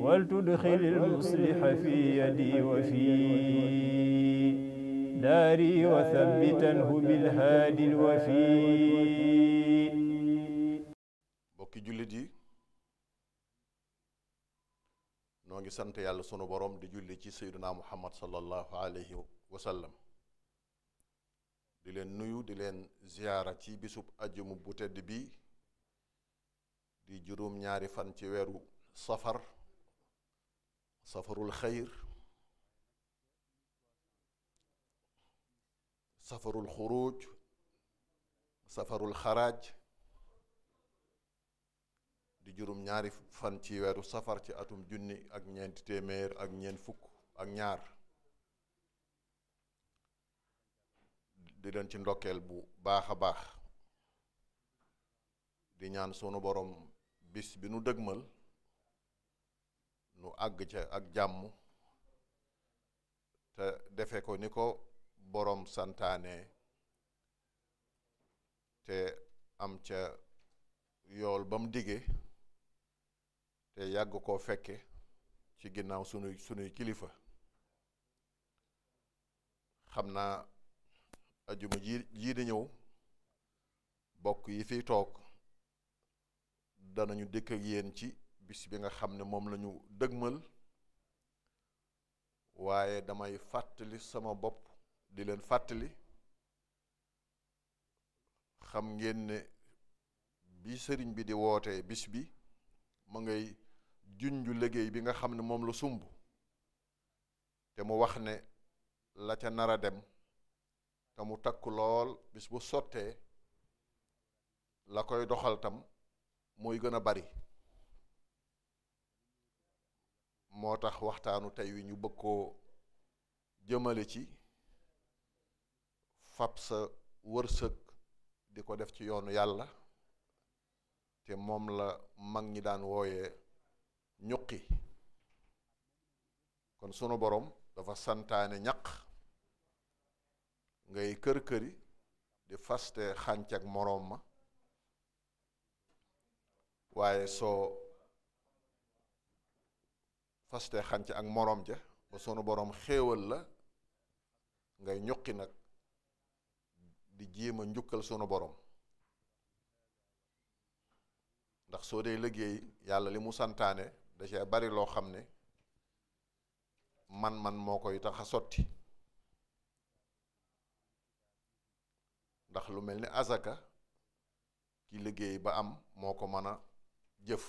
ولتدخل المصلح في يدي وفي داري وثبتنه بالهادي الوفي mbokki jullit yi noo ngi sant yàlla sunu borom di julli ci sayyidina muhammad sallallahu wa di leen nuyu di leen ziyaara ci bisub ajjumu bu tedd bi di juróom ñaari fan ci weeru safar safarul xayr safarul xuruj safarul xaraaj di juróom ñaari fan ci weeru safar ci atum junni ak ñeenti téeméer ak ñeent fukk ak ñaar di leen ci ndokkeel bu baax a baax di ñaan sunu boroom bis bi nu dëgmal nu àgg ca ak jàmm te defe ko ni ko boroom santaane te am ca yool bam mu te yàgg koo fekke ci ginnaaw sunuy sunuy kilifa xam naa ajuma ji jii di ñëw bokk yi fi toog danañu dikk ak yéen ci bis bi nga xam ne moom lañu ñu dëgmal waaye damay fàttali sama bopp di leen fàttali xam ngeen ne bi sëriñ bi di wootee bis bi mu ngay ju liggéey bi nga xam ne moom la sumb te mu wax ne la ca nara dem te mu takk lool bis bu sottee la koy doxal tam mooy gën a bari moo tax waxtaanu tey wi ñu bëgg koo jëmale ci fab sa wërsëg di ko def ci yoonu yàlla te moom la mag ñi daan wooye ñuqi kon sunu boroom dafa santaane ñaq ngay kër-këri di faste xànc moroom ma waaye soo faste xanc ak moroom ja ba sunu boroom xéewal la ngay ñuqi nag di jéem a njukkal sunu borom ndax soo dee liggéey yàlla li mu santaane da bari loo xam ne man-man moo koy tax a sotti ndax lu mel ni azaka ki liggéey ba am moo ko mën a jëf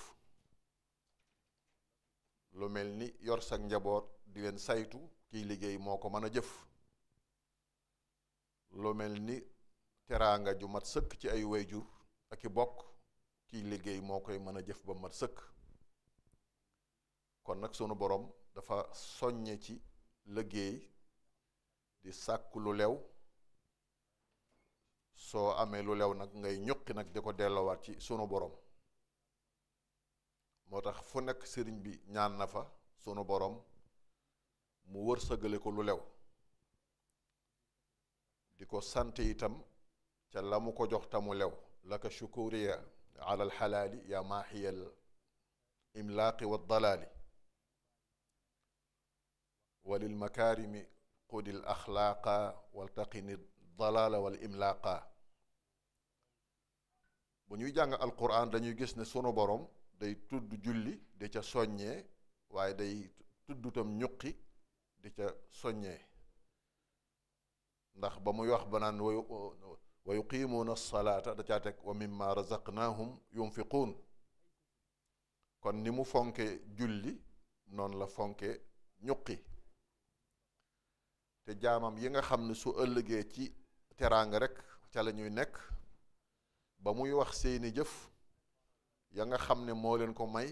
lu mel ni yor sa njaboot di leen saytu kiy liggéey moo ko mën a jëf lu mel ni teraanga ju mat sëkk ci ay wayjur ak i bokk kiy liggéey moo koy mën a jëf ba mat sëkk kon nag sunu borom dafa soññe ci liggéey di sàkk lu lew soo amee lu lew nag ngay ñuqi nag di ko delloowaat ci sunu borom moo tax fu nekk sëriñ bi ñaan na fa sunu boroom mu wër wërsëgale ko lu lew di ko sant itam ca la mu ko jox tamu lew laka shukuriya ala alxalaali yaa maaxiyal imlaaqi wa dalaali wa lil makaarimi qudil axlaaqa waltaqini dalaala wal imlaaqa bu ñuy jàng alquran dañuy gis ne sunu boroom day tudd julli di ca soññee waaye day tudd tam ñuqi di ca soññee ndax ba muy wax ba naan wayu wa yuqimuuna salaata da caa teg wa mimma razaqnaahum yunfiquun kon ni mu fonke julli noonu la fonke ñuqi te jaamam yi nga xam ne su ëllëgee ci teraanga rekk ca lañuy nekk ba muy wax seeni jëf ya nga xam ne moo leen ko may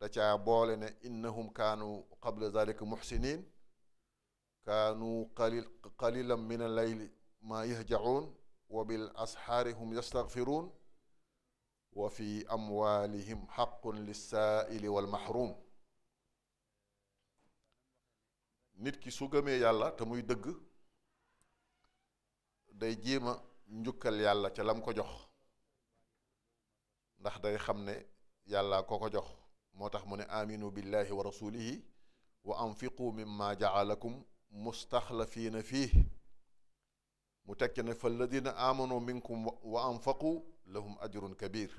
da ca boole ne innahum kaanu qabla zalika muxsinin kaanu qalil min al-layli maa yahjacuun wa bil asxaari hum yastaghfiruun wa fi amwaalihim xaqun lissaa'ili wal mahruum nit ki su yàlla te muy dëgg day jéema njukkal yàlla ca lam ko jox ndax day xam ne yàlla ko ko jox moo tax mu ne aminu billahi wa rasulihi wa anfiqu mimma jaalakum mustaxlafiina fii mu tekki ne fa alladina amanu minkum wa anfaqu lahum ajrun kabir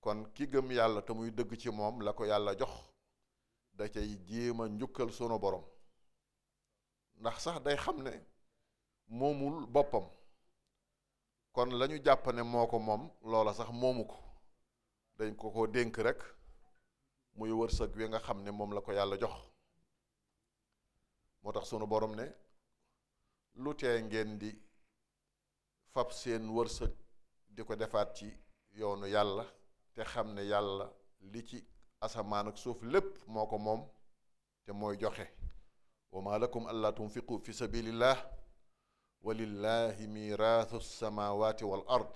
kon ki gëm yàlla te muy dëgg ci moom la ko yàlla jox da cay jéem a njukkal sunu borom ndax sax day xam ne moomul boppam kon la ñu jàpp ne moo ko moom loola sax moomu ko dañ ko ko dénk rek muy wërsëg wi nga xam ne moom la ko yàlla jox moo tax sunu boroom ne lu tee ngeen di fab seen wërsëg di ko defaat ci yoonu yàlla te xam ne yàlla li ci asamaan ak suuf lépp moo ko moom te mooy joxe wa ma lakum allaa tunfiqu fi sabilillah walillahi mirathu samawati wal ard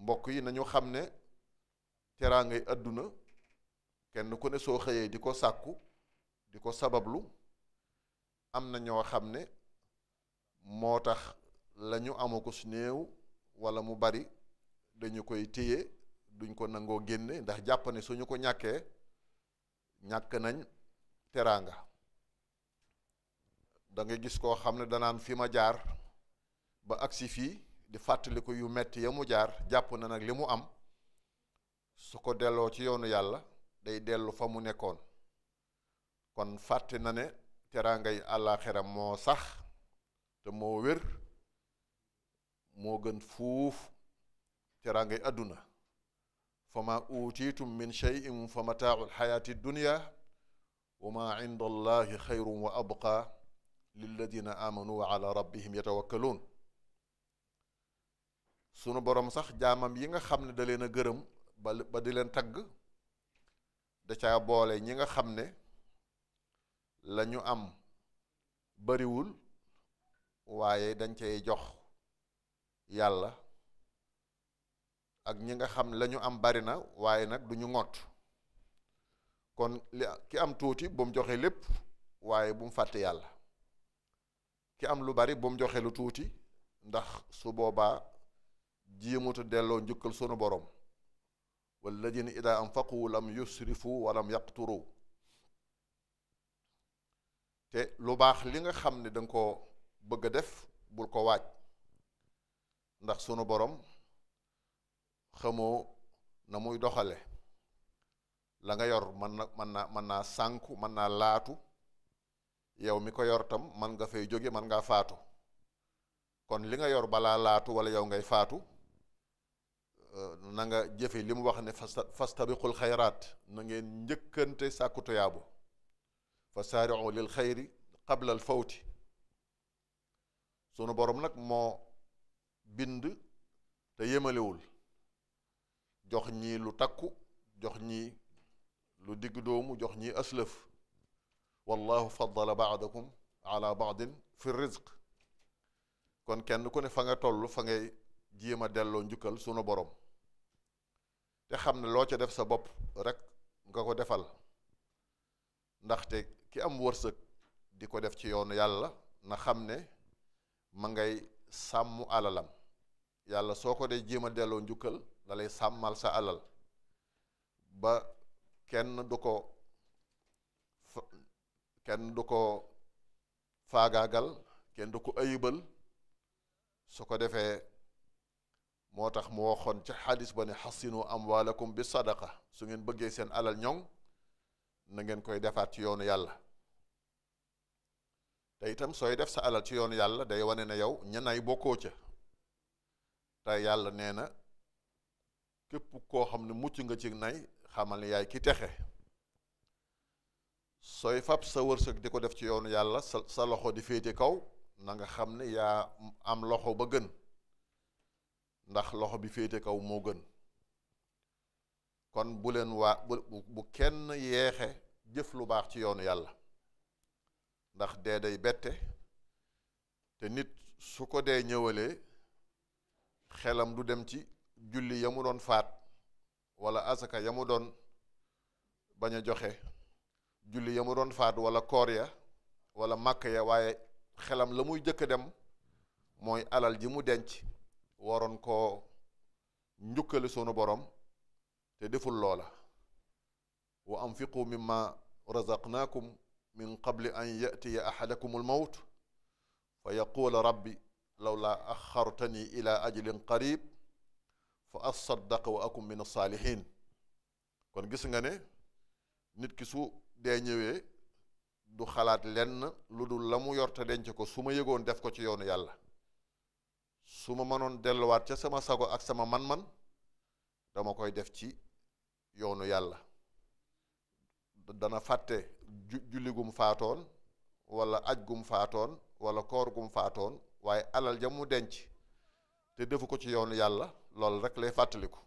mbokk yi nañu xam ne teraangay àdduna kenn ku ne soo xëyee di ko sàkku di ko sabablu am na ñoo xam ne moo tax lañu ñu ko su néew wala mu bari dañu koy téye duñ ko nangoo génne ndax jàpp ne suñu ko ñàkkee ñàkk nañ teraanga dangay gis koo xam ne danaan fi ma jaar ba agsi fii di fàttaliku yu metti ya mu jaar jàpp na nag li mu am su ko delloo ci yoonu yàlla day dellu fa mu nekkoon kon fàtte na ne teraangay àllaaxira moo sax te moo wér moo gën fuuf teraangay àdduna fa ma uutiitum min cheyin fa mataaul xayaati dunia wa ma inda allahi wa abqa lilladina amanu wa ala rabbihim yatawakkaluun sunu borom sax jaamam yi nga xam ne da leen a gërëm ba di leen tagg da ca boole ñi nga xam ne la ñu am bariwul waaye dañ cay jox yàlla ak ñi nga xam ne la am bari na waaye nag duñu ñu ŋott kon li ki am tuuti bu mu joxe lépp waaye bu mu fàtte yàlla ki am lu bari bu mu joxee lu tuuti ndax su boobaa jéemuta delloo njukkal sunu boroom borom walladina ida anfaqu lam yusrifu walam turu te lu baax li nga xam ne danga ko bëgg a def bul ko waaj ndax sunu boroom xamoo na muy doxale la nga yor mën na mën naa mën naa sànku mën naa laatu yow mi ko yor tam man nga fay jóge man ngaa faatu kon li nga yor balaa laatu wala yow ngay faatu euh, nanga nga jëfe li mu wax ne fastabiqul xayraat na ngeen njëkkante sàkku tuyaabu fa saariu lil xayri qabla fawti sunu borom nag moo bind te yemalewul jox ñii lu takku jox ñii lu digg doomu jox ñii aslëf wallahu faddala baadakum ala baadin fi rizq kon kenn ku ne fa nga toll fa ngay jéem a delloo njukkal sunu borom te xam ne loo ca def sa bopp rek nga ko defal ndaxte ki am wërsëg di ko def ci yoonu yàlla na xam ne ma ngay sàmm alalam yàlla soo ko dee jéem a delloo njukkal dalay sàmmal sa alal ba kenn du ko kenn du ko faagaagal kenn du ko ayibal su ko defee moo tax mu waxoon ca xadis ba ne am xasinu amwaalakum bi sadaqa su ngeen bëggee seen alal ñoŋ na ngeen koy defaat ci yoonu yàlla te itam sooy def sa alal ci yoonu yàlla day wane ne yow ñanay bokkoo ca te yàlla nee na képp koo xam ne mucc nga ci nay xamal ne yaay ki texe sooy fab sa wërsëg di ko def ci yoonu yàlla sa loxo di féete kaw nanga xam ne yaa am loxo ba gën ndax loxo bi féete kaw moo gën kon buleen leen waa bu bu kenn yeexe jëf lu baax ci yoonu yàlla ndax dee day bette te nit su ko dee ñëwalee xelam du dem ci julli ya mu doon faat wala asaka ya mu doon bañ a joxe julli ya mu doon faat wala koor ya wala màkk ya waaye xelam la muy jëkk dem mooy alal ji mu denc waroon koo njukkale sunu borom te deful loola wa anfiqu mimma razaqnaakum min qabli an yatiya ahadakum almawt fa yaqula rabbi lawla axartani ila ajlin qarib fa asaddaqa wa akum min alsaalihin kon gis nga ne nit ki dee ñëwee du xalaat lenn lu dul la mu yor te denc ko su ma yëgoon def ko ci yoonu yàlla su ma mënoon delluwaat ca sama sago ak sama man-man dama koy def ci yoonu yàlla dana fàtte julli gum faatoon wala aj gum faatoon wala koor gum faatoon waaye alal ja mu denc te defu ko ci yoonu yàlla loolu rek lay fàttaliku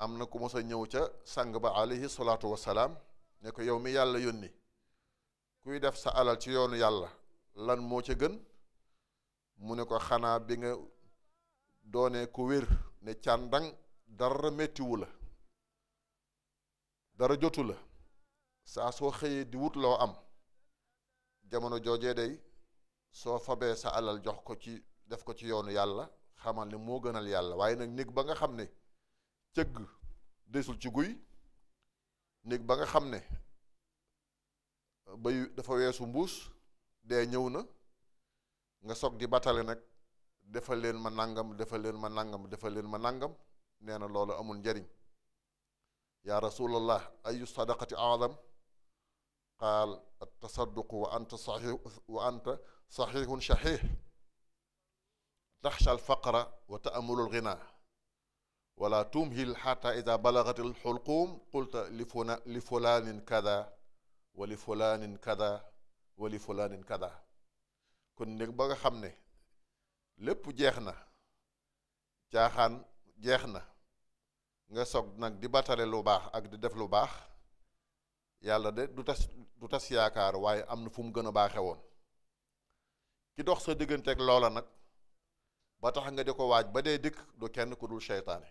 am na ku mos a ñëw ca sang ba alayhi salaatu wasalaam ne ko yow mi yàlla yónni kuy def sa alal ci yoonu yàlla lan moo ca gën mu ne ko xanaa bi nga doonee ko wér ne càndang dara méttiwu la dara jotu la saa soo xëyee di wut loo am jamono joojee day soo fabee sa alal jox ko ci def ko ci yoonu yàlla xamal ne moo gënal yàlla waaye nag néeg ba nga xam ne cëgg desul ci guy néeg ba nga xam ne ba dafa weesu mbuus dee ñëw na nga soog di batale nag defal leen ma nangam defal leen ma nangam defal leen ma nangam nee na loolu amul njariñ yaa rasulallah ayu sadaqati aadam qaal at-tasadduq wa anta saxiix wa anta faqra wa taamulul ginaa wala tumhil xata ida balagat al xulquum qulta li fula li fulaanin kada wa li fulaanin kada kon néeg ba nga xam ne lépp jeex na jaaxaan jeex na nga soog nag di batale lu baax ak di def lu baax yàlla de du tas du tas yaakaar waaye am na fu mu gën a baaxe woon ki dox sa digganteeg loola nag ba tax nga di ko waaj ba dee dikk du kenn ku dul seytaane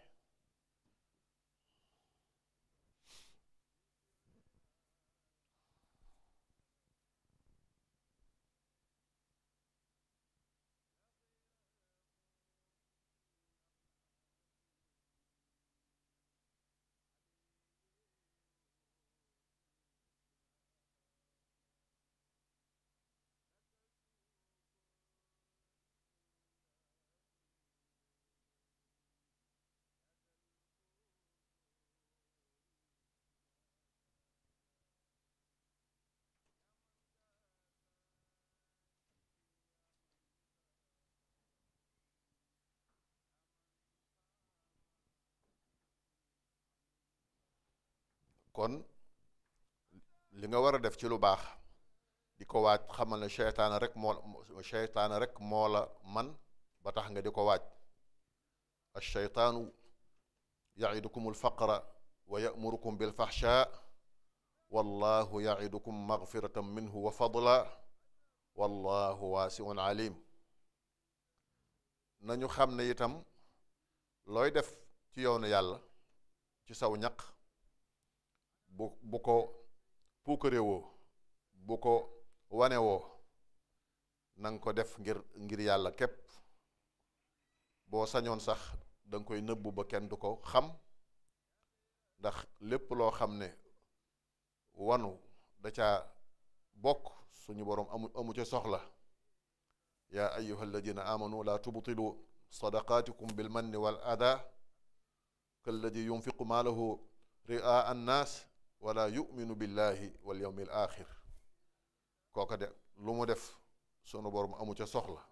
kon li nga war a def ci lu baax di ko waaj xamal ne seytaane rek moo rek moo man ba tax nga di ko waaj alcheytaanu yaidukum alfaqra wa yamurukum bilfaxsha wallahu yaidukum magfiratan minhu wa fadla wallahu waasiun alim nañu xam ne itam looy def ci yoonu yàlla ci saw ñaq bu bu ko puukare bu ko wanewoo nang ko def ngir ngir yàlla képp boo sañoon sax da koy nëbbu ba kenn du ko xam ndax lépp loo xam ne wanu da ca bokk suñu boroom amu amu soxla yaa ayuha alladina amanu la tubtilu sadaqatikum bilmanni wal ada kalladi yunfiqu maalahu ria annaas wala yuminu billahi wal yawmil axir kooka de lu mu def sunu borom amu ca soxla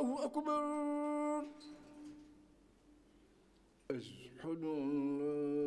الله أكبر أشهد أن لا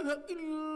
إله إلا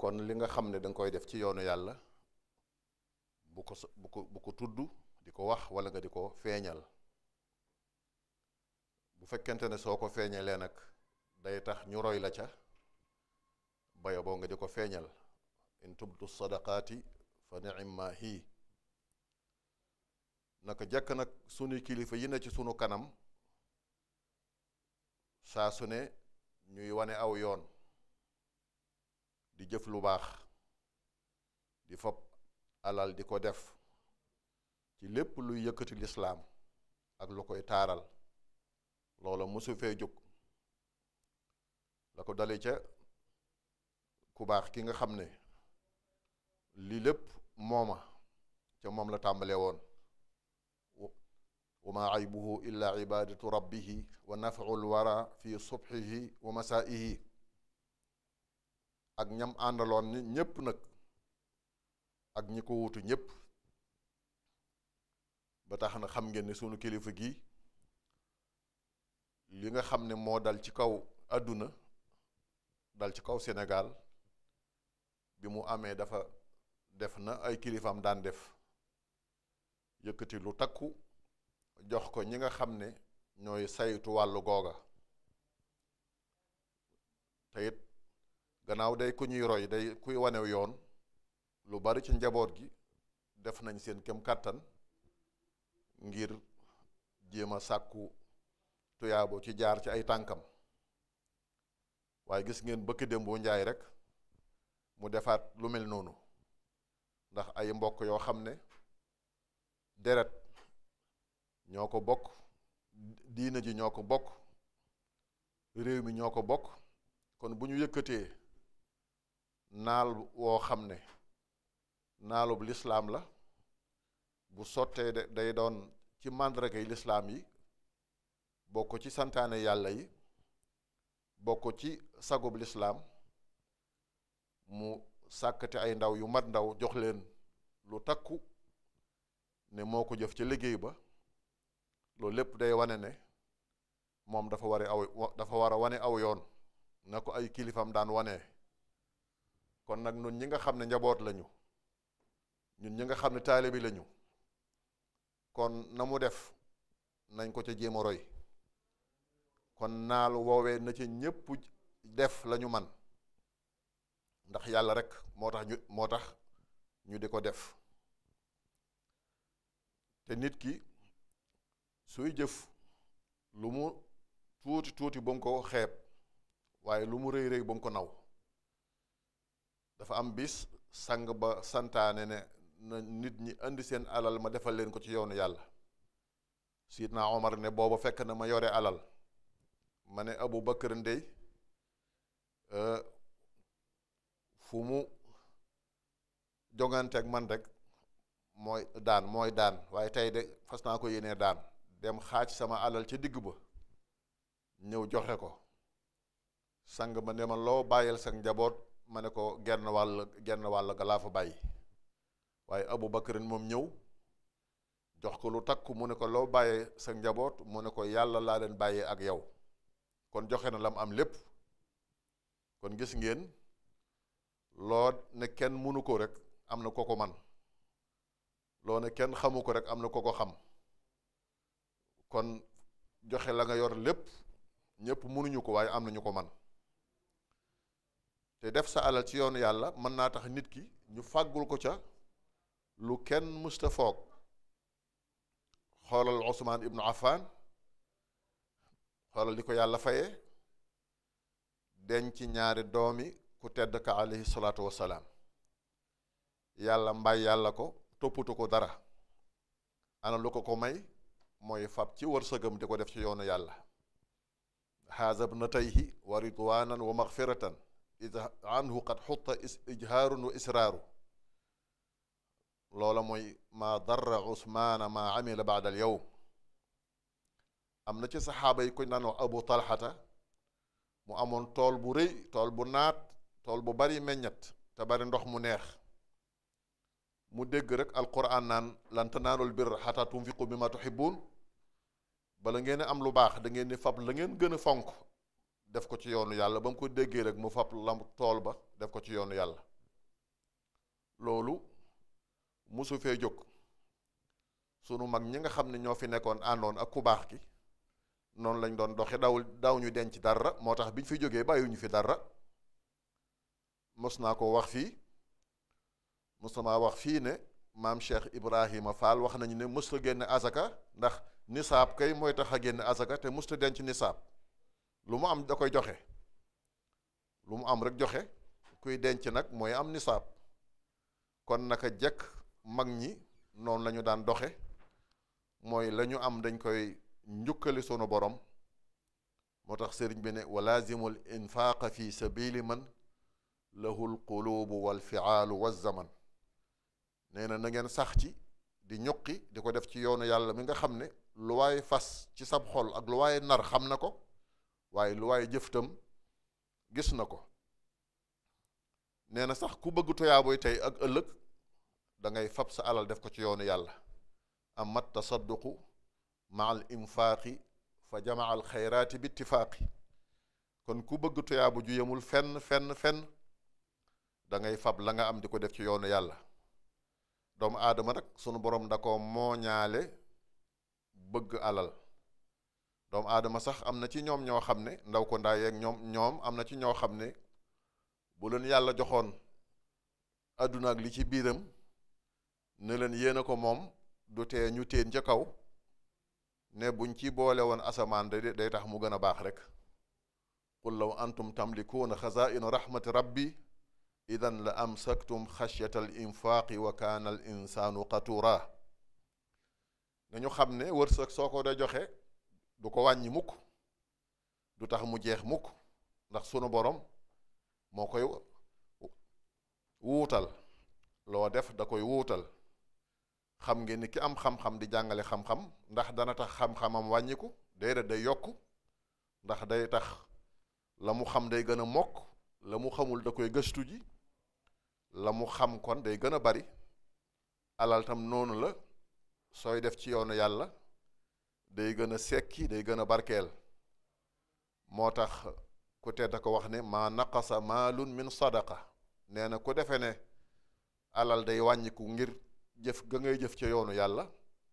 kon li nga xam ne danga koy def ci yoonu yàlla bu ko bu ko bu ko tudd di ko wax wala nga di ko feeñal bu fekkente ne soo ko feeñalee nag day tax ñu roy la ca baya boo nga di ko feeñal in tubdu sadaqaati fa ni'ma hi naka jëkk nag sunu kilifa yi ne ci sunu kanam saa su ne ñuy wane aw yoon di jëf lu baax di fob alal di ko def ci lépp luy yëkkati lislaam ak lu koy taaral loola mosu fee jóg la ko dale ca ku baax ki nga xam ne lii lépp mooma ca moom la tàmbalee woon wa ma aybuhu illa ibadatu rabbihi wa nafau lwara fi subhihi wa masaihi ak ñam àndaloon ni ñépp nag ak ñi ko wutu ñépp ba tax na xam ngeen sunu kilifa gi li nga xam ne moo dal ci kaw àdduna dal ci kaw senegaal bi mu amee dafa def na ay kilifaam daan def yëkkati lu takku jox ko ñi nga xam ne ñooy saytu wàll googa te gannaaw day ku ñuy roy day kuy wanew yoon lu bari ci njaboot gi def nañ seen kem kàttan ngir jéem a sàkku tuyaabo ci jaar ci ay tànkam waaye gis ngeen bëkk démboo njaay rek mu defaat lu mel noonu ndax ay mbokk yoo xam ne deret ñoo ko bokk diina ji ñoo ko bokk réew mi ñoo ko bokk kon bu ñu yëkkatee naal woo xam ne naalub lislaam la bu sottee de day doon ci màndargay lislaam yi bokk ci santaane yàlla yi bokk ci sagub lislaam mu sàkkate ay ndaw yu mat ndaw jox leen lu takku ne moo ko jëf ca liggéey ba loolu lépp day wane ne moom dafa war a aw dafa war a wane aw yoon na ko ay kilifam daan wane. kon nag ñun ñi nga xam ne njaboot lañu ñun ñi nga xam ne taalibi lañu kon na mu def nañ ko ca jéem a roy kon naalu woowee na ci ñépp def lañu man ndax yàlla rek moo tax ñu moo tax ñu di ko def te nit ki suy jëf lu mu tuuti tuuti ba mu ko xeeb waaye lu mu rëy rëy ba mu ko naw dafa am bis sang ba santaane ne na nit ñi indi seen alal ma defal leen ko ci yoonu yàlla sidna omar ne booba fekk na ma yore alal ma ne abu bakar ndey euh, fu mu jongante ak man rek mooy daan mooy daan waaye tey de fas naa ko yéenee daan dem xaaj sama alal ci digg ba ñëw joxe ko sang ba ne ma loo bàyyil sa njaboot ma ne ko genn wàll genn wàll ga laa fa bàyyi waaye Abu Bakrin moom ñëw jox ko lu takk mu ne ko loo bàyyee sa njaboot mu ne ko yàlla laa leen bàyyee ak yow kon joxe na la mu am lépp kon gis ngeen loo ne kenn mënu ko rek am na ko ko man loo ne kenn xamu ko rek am na ko ko xam kon joxe la nga yor lépp ñëpp mënuñu ko waaye am na ñu ko man te def sa alal ci yoonu yàlla mën naa tax nit ki ñu fàggul ko ca lu kenn musta foog xoolal Ousmane Ibnu Affan xoolal di ko yàlla deñ ci ñaari doomi ku tedd ka alayhi salaatu wasalaam yàlla mbay yàlla ko toppatu ko dara ana lu ko ko may mooy fab ci war wërsëgam di ko def ci yoonu yàlla haazab na tayhi wa ridwanan wa maxfiratan anhu qad xutta ijhaarun wa israaru loola mooy maa darra usmaana maa amila baada al yowm am na ci saxaaba yi kuñ naan abu talxata mu amoon tool bu rëy tool bu naat tool bu bari meññat te bari ndox mu neex mu dégg rek alquran naan lan tanaalul birra xataa tunfiqu mimma tuhibbun bala ngeen am lu baax da ngeen di fab la ngeen gën a fonk def ko ci yoonu yàlla ba mu ko déggee rek mu fab lam tool ba def ko ci yoonu yàlla loolu mosu fee jóg sunu mag ñi nga xam ne ñoo fi nekkoon àndoon ak ku baax ki noonu lañ doon doxe dawul daw ñu denc dara moo tax bi ñu fi jógee bàyyiwuñu fi dara mos naa ko wax fii mos naa wax fii ne maam Cheikh Ibrahima Fall wax nañu ne mosut a génne asaka ndax nisaab kay mooy tax a génne asaka te mosut a denc nisaab. lu mu am da koy joxe lu mu am rek joxe kuy denc nag mooy am nisaab kon naka jekk mag ñi noonu lañu daan doxe mooy lañu am dañ koy njukkali sunu borom moo tax sëriñ bi ne walaazimul infaaqa fi sabili man lahul qulubu wal fiaalu wa zaman nee na na ngeen sax ci di ñuqi di ko def ci yoonu yàlla mi nga xam ne lu waaye fas ci sab xol ak lu waaye nar xam na ko waaye lu waaye jëf tam gis na ko nee na sax ku bëgg tuyaaboy tey ak ëllëg dangay fab sa alal def ko ci yoonu yàlla amma tasadduqu ma al infaaqi fa jamaa al xayraati bi ittifaaqi kon ku bëgg tuyaabu ju yemul fenn fenn dangay fab la nga am di ko def ci yoonu yàlla doomu aadama nag sunu boroom da ko mooñaale bëgg alal doom aadama sax am na ci ñoom ñoo xam ne ndaw ko ndaa yeeg ñoom ñoom am na ci ñoo xam ne bu leen yàlla joxoon adduna ak li ci biiram ne leen yéen a ko moom du tee ñu teen ca kaw ne buñ ci boole woon asamaan day day tax mu gën a baax rek qul law antum tamlikuuna xazaa'ina rahmati rabbi idan la am xashyata al infaaqi wa kaana al insaanu qatuura nañu xam ne wërsëg soo ko da joxe du ko wàññi mukk du tax mu jeex mukk ndax sunu borom moo koy wutal loo def da koy wuutal xam ngeen ni ki am xam-xam di jàngale xam-xam ndax dana tax xam-xamam wàññiku déedéet day yokk ndax day tax la mu xam day gën a mokk la mu xamul da koy gëstu ji la mu xam kon day gën a bari alal tam noonu la sooy def ci yoonu yàlla day gën a sekki day gën a barkeel moo tax ku tedd ko wax ne maa naqasa maalun min sadaqa nee na ku defe ne alal day wàññiku ngir jëf ga ngay jëf ca yoonu yàlla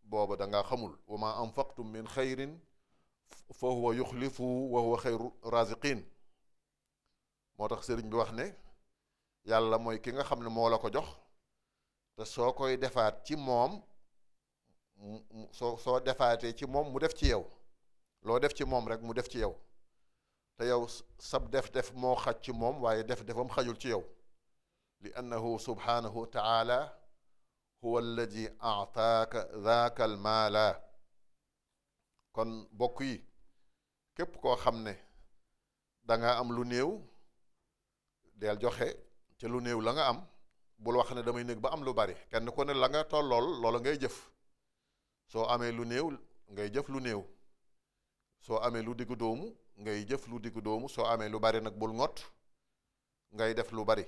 booba danga xamul wa maa anfaqtum min xayrin fa huwa yuxlifu wa huwa xayru moo tax sëriñ bi wax ne yàlla mooy ki nga xam ne moo la ko jox te soo koy defaat ci moom soo soo defaatee ci moom mu def ci yow loo def ci moom rek mu def ci yow te yow sab def-def moo xaj ci moom waaye def-defam xajul ci yow li annahu subhanahu wa taala huwa alladi aataaka daaka almaala kon bokk yi képp koo xam ne da am lu néew del joxe te lu néew la nga am bul wax ne damay néeg ba am lu bari kenn ku ne la nga tollool loola ngay jëf soo amee lu néew ngay jëf lu néew soo amee lu diggu doomu ngay jëf lu diggu doomu soo amee lu bari nag bul ngott ngay def lu bari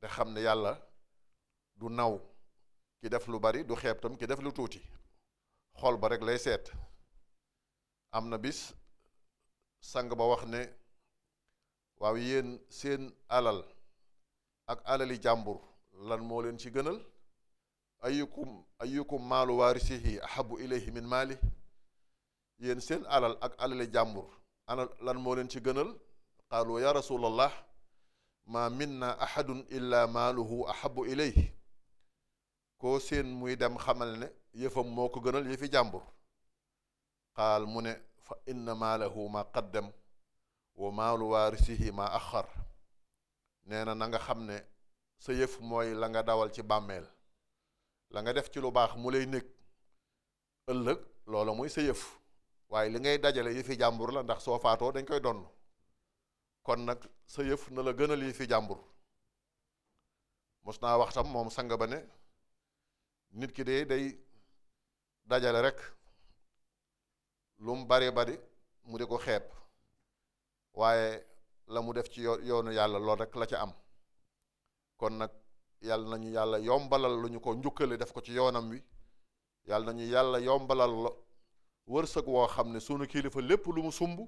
te xam ne yàlla du naw ki def lu bari du xeeb tam ki def lu tuuti xol ba rekk lay seet am na bis sang ba wax ne waaw yéen seen alal ak alali jàmbur lan moo leen ci gënal ayukum ayukum maalu waarisihi ahabu ilayhi min maali yéen seen alal ak alale jàmbur ana lan moo ci gënal qaalu ya rasulallah ma minna ahadun illa maaluhu ahabu ilayhi koo seen muy dem xamal ne yëfam moo ko gënal yëfi jàmbur qaal mu ne fa inna maalahu ma qaddam wa maalu waarisihi ma axar nee na xam ne sa yëf mooy la nga dawal ci bàmmeel la nga def ci lu baax mu lay nekk ëllëg loola muy sa yëf waaye li ngay dajale yëfi jàmbur la ndax soo faatoo dañ koy donn kon nag sa yëf na la gënal fi jàmbur mos naa wax tam moom sang ba ne nit ki de day dajale rek lu mu bari bari mu di ko xeeb waaye la mu def ci yoonu yàlla lool rek la ci am kon nag yàlla ñu yàlla yombalal lu ñu ko njukkale def ko ci yoonam wi yàlla nañu yàlla yombalal la wërsëg woo xam ne sunu kilifa lépp lu mu sumb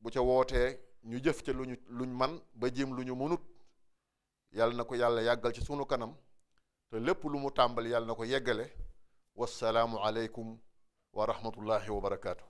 bu ca wootee ñu jëf ca lu ñu luñ man ba jéem lu ñu mënut yàlla na ko yàlla yàggal ci sunu kanam te lépp lu mu tàmbali yàlla na ko yeggale wassalaamu aleykum wa rahmatullahi wa barakaatu.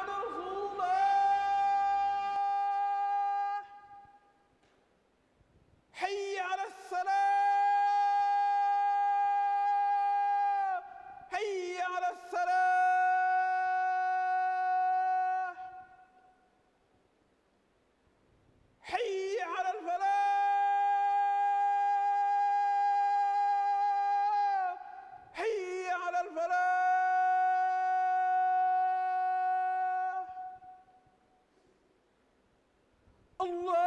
الله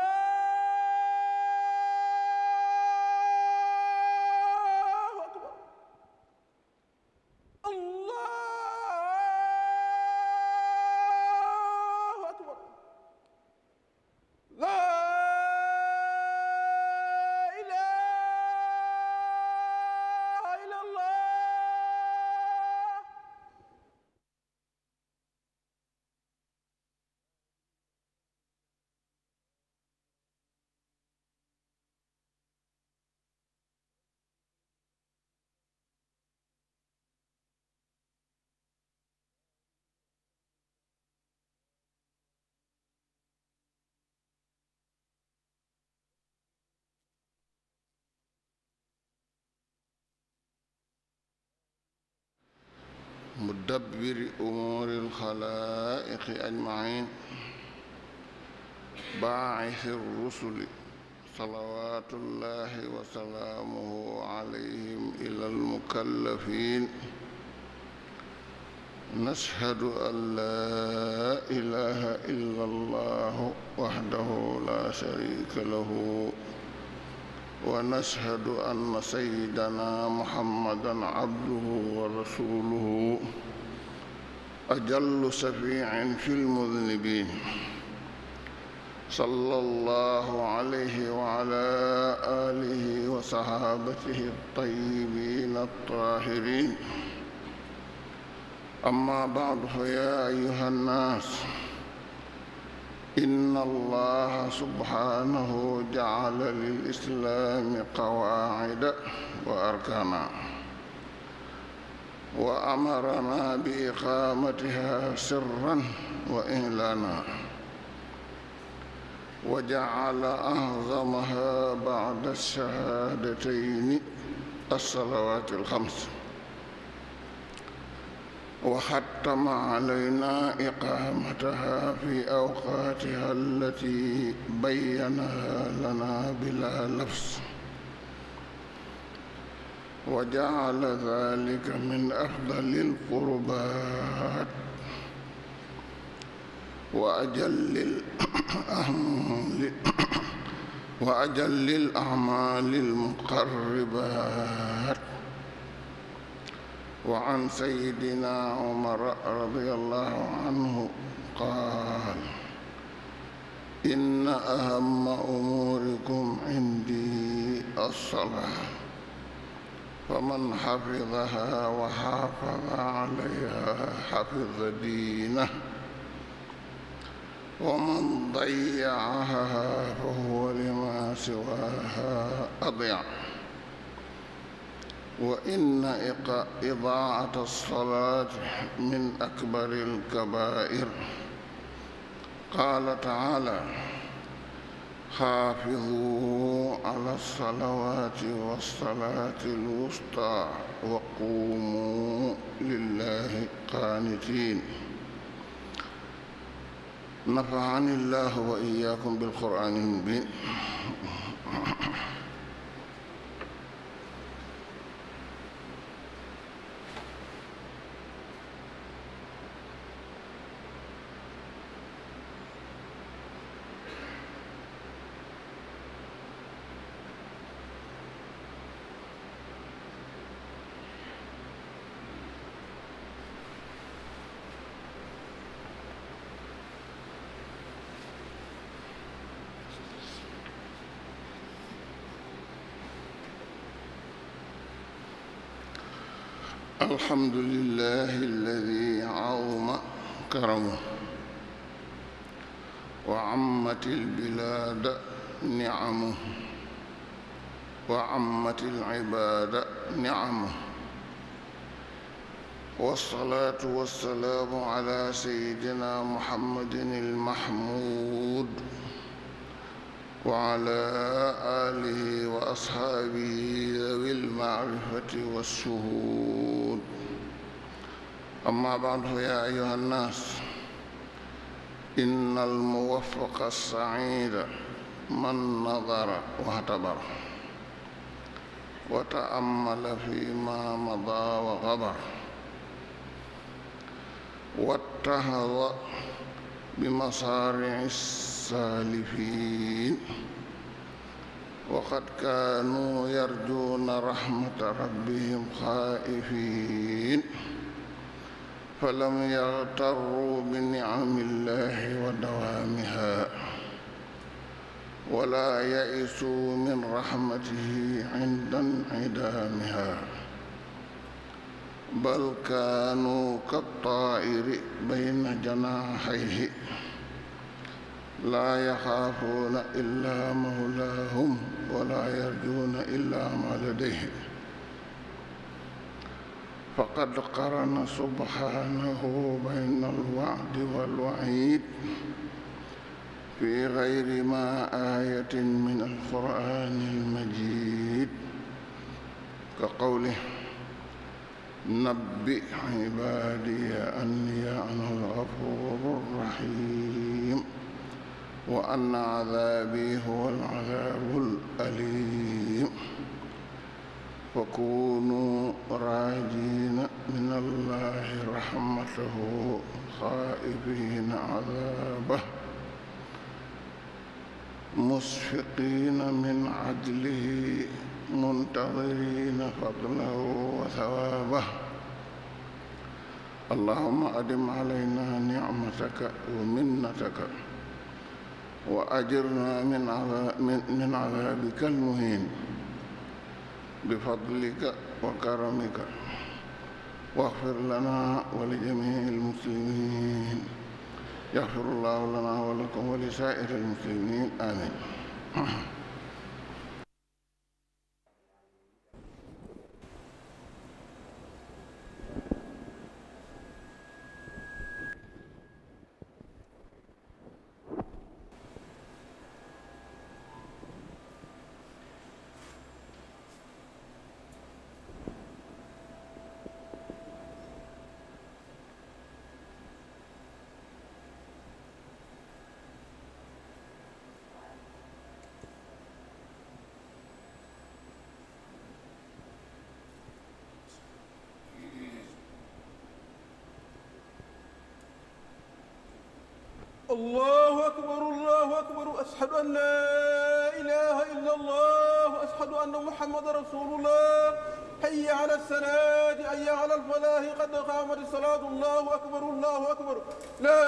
مدبر أمور الخلائق أجمعين باعث الرسل صلوات الله وسلامه عليهم إلى المكلفين نشهد أن لا إله إلا الله وحده لا شريك له ونشهد أن سيدنا محمدا عبده ورسوله أجل شفيع في المذنبين صلى الله عليه وعلى آله وصحابته الطيبين الطاهرين أما بعد فيا أيها الناس إن الله سبحانه جعل للإسلام قواعد وأركانا وأمرنا بإقامتها سرا وإعلانا وجعل أعظمها بعد الشهادتين الصلوات الخمس وحتم علينا إقامتها في أوقاتها التي بينها لنا بلا لفظ وجعل ذلك من أفضل القربات وأجل الأهل وأجل الأعمال المقربات وعن سيدنا عمر رضي الله عنه قال إن أهم أموركم عندي الصلاة فمن حفظها وحافظ عليها حفظ دينه ومن ضيعها فهو لما سواها أضيع وإن إضاعة الصلاة من أكبر الكبائر قال تعالى حافظوا على الصلوات والصلاة الوسطى وقوموا لله قانتين نفعني الله وإياكم بالقرآن المبين الحمد لله الذي عظم كرمه وعمت البلاد نعمه وعمت العباد نعمه والصلاة والسلام على سيدنا محمد المحمود وعلى آله وأصحابه ذوي المعرفة والشهود أما بعد يا أيها الناس إن الموفق السعيد من نظر واعتبر وتأمل فيما مضى وغبر واتهض بمصارع السالفين وقد كانوا يرجون رحمة ربهم خائفين فلم يغتروا بنعم الله ودوامها ولا يئسوا من رحمته عند انعدامها بل كانوا كالطائر بين جناحيه لا يخافون إلا مولاهم ولا يرجون إلا ما لديهم faqad qarana subhanahu bayna alwacdi walwacid fi gayri ma ayatin min alquran almajid ka qawlih nabbi cibadi anni ana algafur rahim wa anna cadabi huwa alcadabu alalim وكونوا راجين من الله رحمته خائفين عذابه مسفقين من عدله منتظرين فضله وثوابه اللهم أدم علينا نعمتك ومنتك وأجرنا من عذابك المهين بفضلك وكرمك واغفر لنا ولجميع المسلمين يغفر الله لنا ولكم ولسائر المسلمين آمين أشهد أن لا إله إلا الله وأشهد أن محمد رسول الله حي على السلاد حي على الفلاح قد قامت الصلاة الله أكبر الله أكبر لا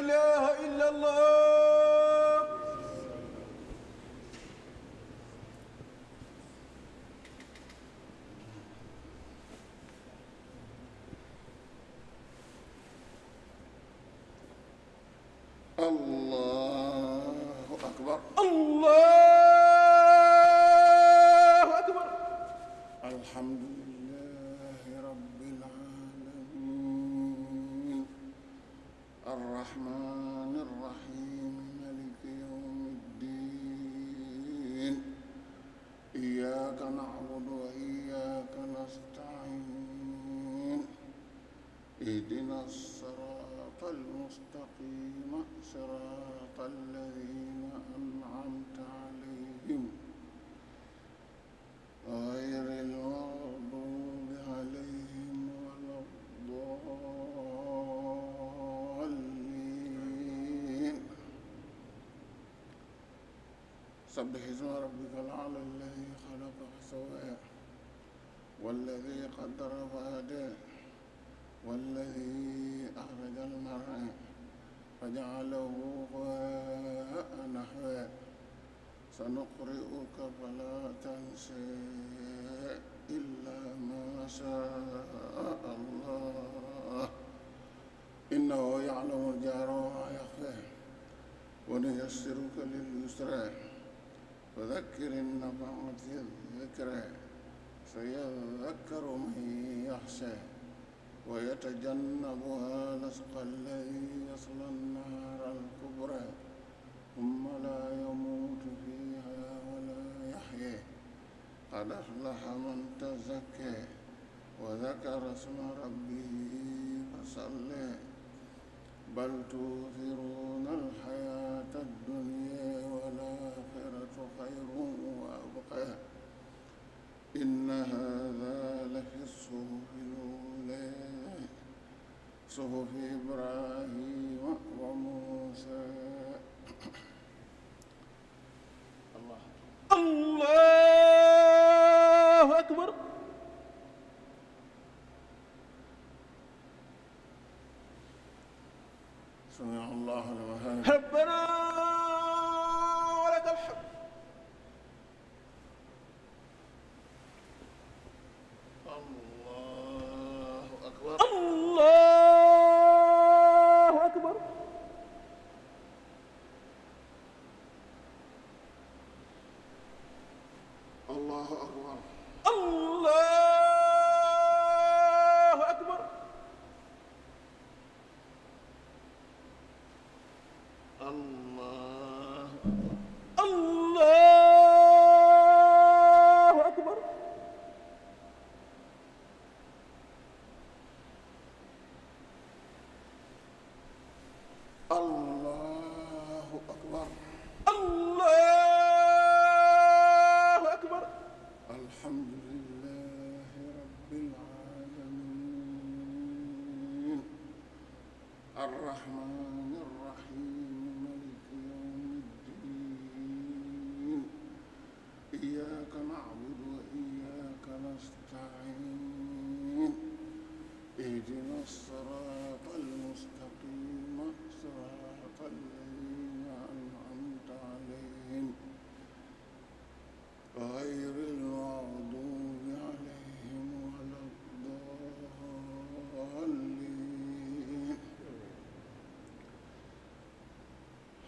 إله إلا الله Allah سبح اسم ربك الأعلى الذي خلق فسواه والذي قدر فهداه والذي أخرج المرعى فجعله غاء نحوه سنقرئك فلا تنسى إلا ما شاء الله إنه يعلم الجهر وما يخفيه ونيسرك لليسرى وذكر النفعت الذكرى سيذكر من يخشى ويتجنبها الأشقى الذي يصلى النار الكبرى ثم لا يموت فيها ولا يحيى قد أفلح من تزكى وذكر اسم ربه فصلى بل توثرون الحياة الدنيا خير وأبقى إن هذا لفي الصحف الأولى صحف إبراهيم وموسى الله الله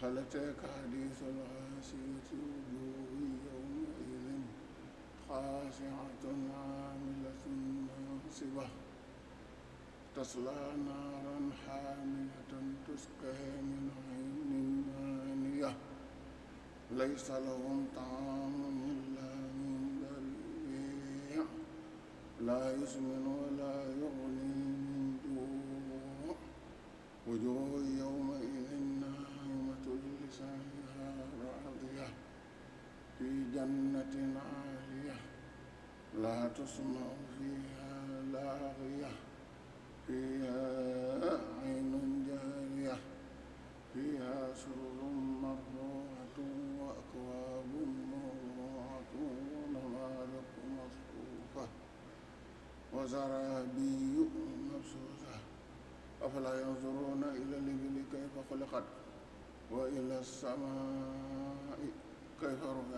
هلتك حديث الغاشية وجوه يومئذ خاشعة عاملة ناصبة تصلى نارا حامية تسقى من عين آنية ليس لهم طعام إلا من ضريع لا يسمن ولا جنة عالية لا تسمع فيها لاغية فيها عين جارية فيها سرر مرفوعة وأكواب موضوعة ونمارق مصفوفة وزرابي مبسوسة أفلا ينظرون إلى الإبل كيف خلقت وإلى السماء كيف رفعت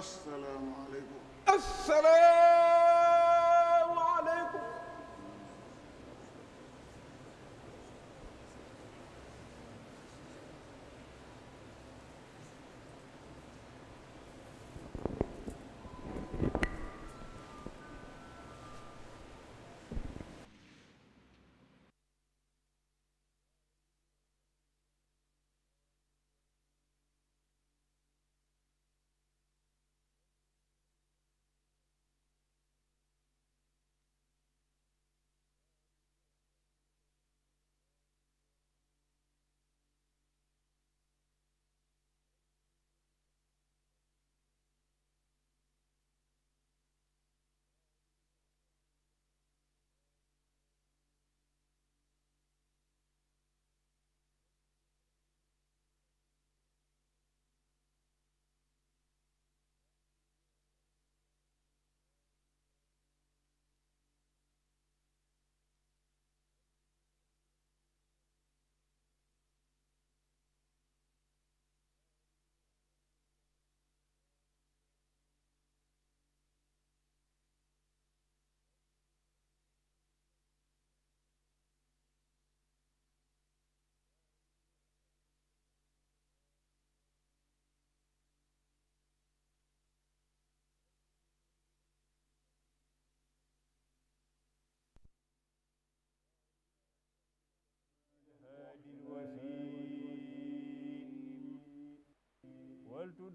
asalaamaaleykum. asalaamaaleykum.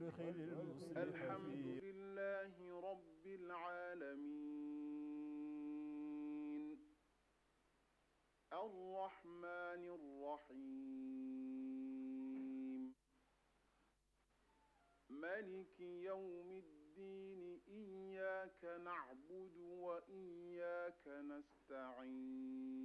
يدخل المسلمين الحمد لله رب العالمين الرحمن الرحيم ملك يوم الدين إياك نعبد وإياك نستعين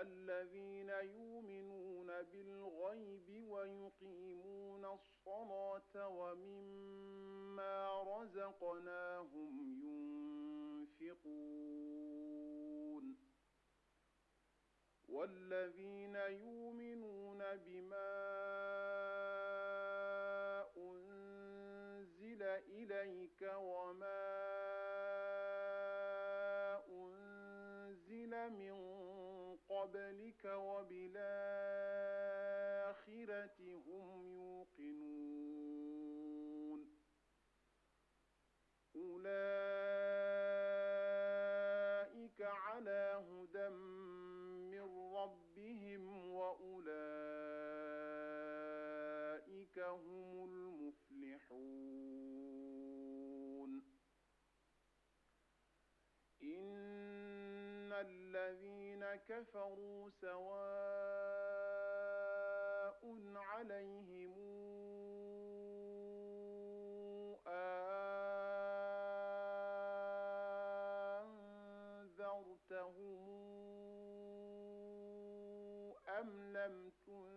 الذين يؤمنون بالغيب ويقيمون الصلاة ومما رزقناهم ينفقون والذين يؤمنون بما أنزل إليك وما أنزل من قبلك وبالآخرة هم يوقنون أولئك على هدى من ربهم وأولئك هم المفلحون إن الذين كفروا سواء عليهم أنذرتهم أم لم تنذرهم